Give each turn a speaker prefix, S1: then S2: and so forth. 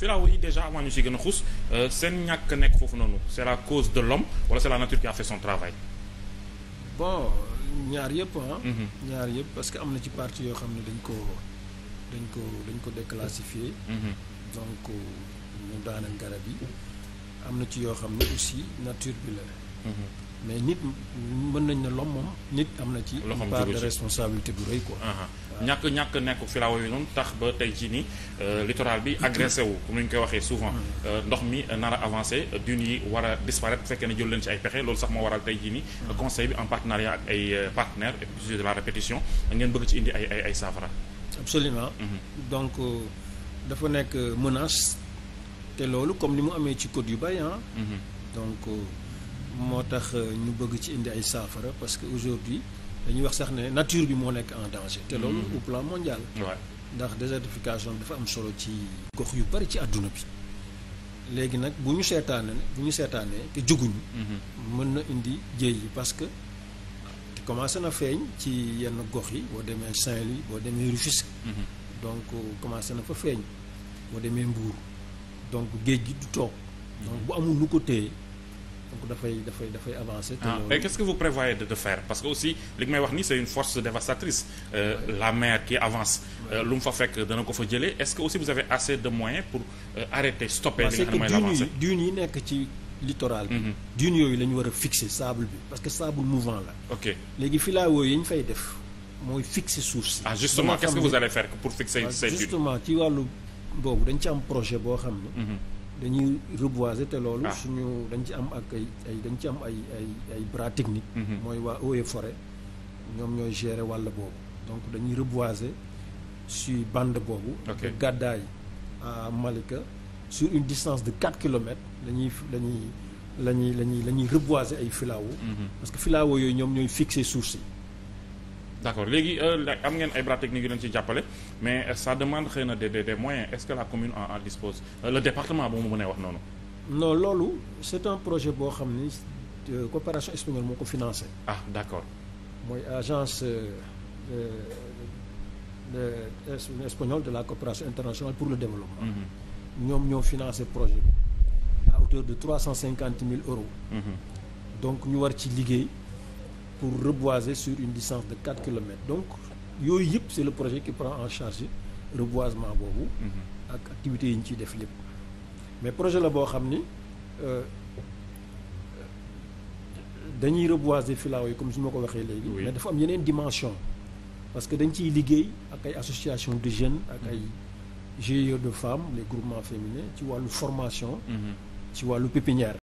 S1: Firaaw yi déjà avant ñu si gën a xuus euh, seen ñàkk nekk foofu noonu c'est la cause de l'homme wala c'est la nature qui a fait son travail.
S2: bon ñaar yëpp ah. Mhm. ñaar yëpp parce que am na ci partie yoo xam ne dañ ko dañ ko dañ ko déclassifié. Mhm. donc euh, ñu daaneel garab yi am na ci yoo xam ne aussi nature bi la. Mhm. mais nit mën nañ ne lom moom nit am na ci part de responsabilité bu rëy quoi
S1: ñàkk ñàkk nekk filaawa yu noonu tax ba tey jii nii euh, littoral bi agressé wu comme ñu koy waxee souvent mm. euh, ndox mi nar a avancé dunes yi war a disparaître bu fekkee ne jël leen ci ay pexe loolu sax moo waral tey jii ni mm. conseil bi en partenariat ak ay euh, partenaires et de la répétition ngeen bëgg ci indi ay ay ay saafara
S2: absolument mm-hmm. donc dafa nekk menace te loolu comme ni mu amee ci côte yu bari ah donc moo tax euh, ñu bëgg ci indi ay saafara parce que aujourd'hui dañuy wax sax ne nature bi moo nekk en danger te loolu mm. au plan mondial ndax désertification dafa am solo ci gox yu bari ci àdduna bi léegi nag bu ñu seetaane bu ñu seetaanee te juguñu mm-hmm. mën na indi géej yi parce que te commencé na feeñ ci yenn gox yi boo demee Saint-Louis boo demee Rufisque mm-hmm. donc commencé na fa feeñ boo demee mbuur donc géej gi du toog donc bu amul lu ko téye donc dafay dafay dafay avancer. ah mais
S1: qu'est-ce que vous prévoyez de de faire parce que aussi li may wax ni c'est une force dévastatrice euh, la mer qui avance. Euh, lu mu fa fekk dana ko fa jëlee est-ce que aussi vous avez assez de moyens pour euh, arrêter stopper. li nga
S2: yi nekk ci littoral bi. Mhm. yooyu la war a fixer sable bi parce que sable mouvant la. ok léegi filao yi ñu fay def mooy fixer suuf si. ah justement qu'est-ce que vous allez faire pour fixer ah, ces dunes. justement ci wàllu boob dañ ci am projet boo xam ne. Mhm. dañuy reboiser te loolu. Ah. suñu dañ ci am ak ay dañ ci am ay ay ay bras technique. Mhm. mooy waa eaux et forêt ñoom ñooy gérer wàll boobu donc dañuy reboiser sur bande boobu. ok gàddaay à Malika sur une distance de 4 kilomètres lañuy lañuy lañuy lañuy la ñuy reboiser ay filao. Mhm. parce que filao yooyu ñoom ñooy fixer suuf si.
S1: d'accord léegi euh, am ngeen ay bras techniques yu leen ci jàppale mais ça demande xëy na des des moyens est-ce que la commune a dispose euh, le département bu mu mënee wax noonu.
S2: non loolu c'est un projet boo xam ni euh, coopération espagnole moo ko financé. ah d'accord. mooy agence de espagnole de la coopération internationale pour le développement.
S1: Mm-hmm.
S2: ñoom ñoo financé projet bi. à hauteur de trois cent cinquante mille euros. Mm-hmm. donc ñu war ci liggéey. pour reboiser sur une distance de 4 kilomètres donc yooyu yëpp c'est le projet qui prend en charge reboisement boobu mhm. ak activités yi ñu ciy def lépp mais projet la boo xam ni euh, dañuy reboiser filaaw yi comme su ma ko waxee léegi mais dafa am yeneen dimension parce que dañ ciy liggéey ak ay association de jeunes ak ay mhm. GIE de femmes les groupements féminins ci wàllu formation mhm. ci wàllu pépinière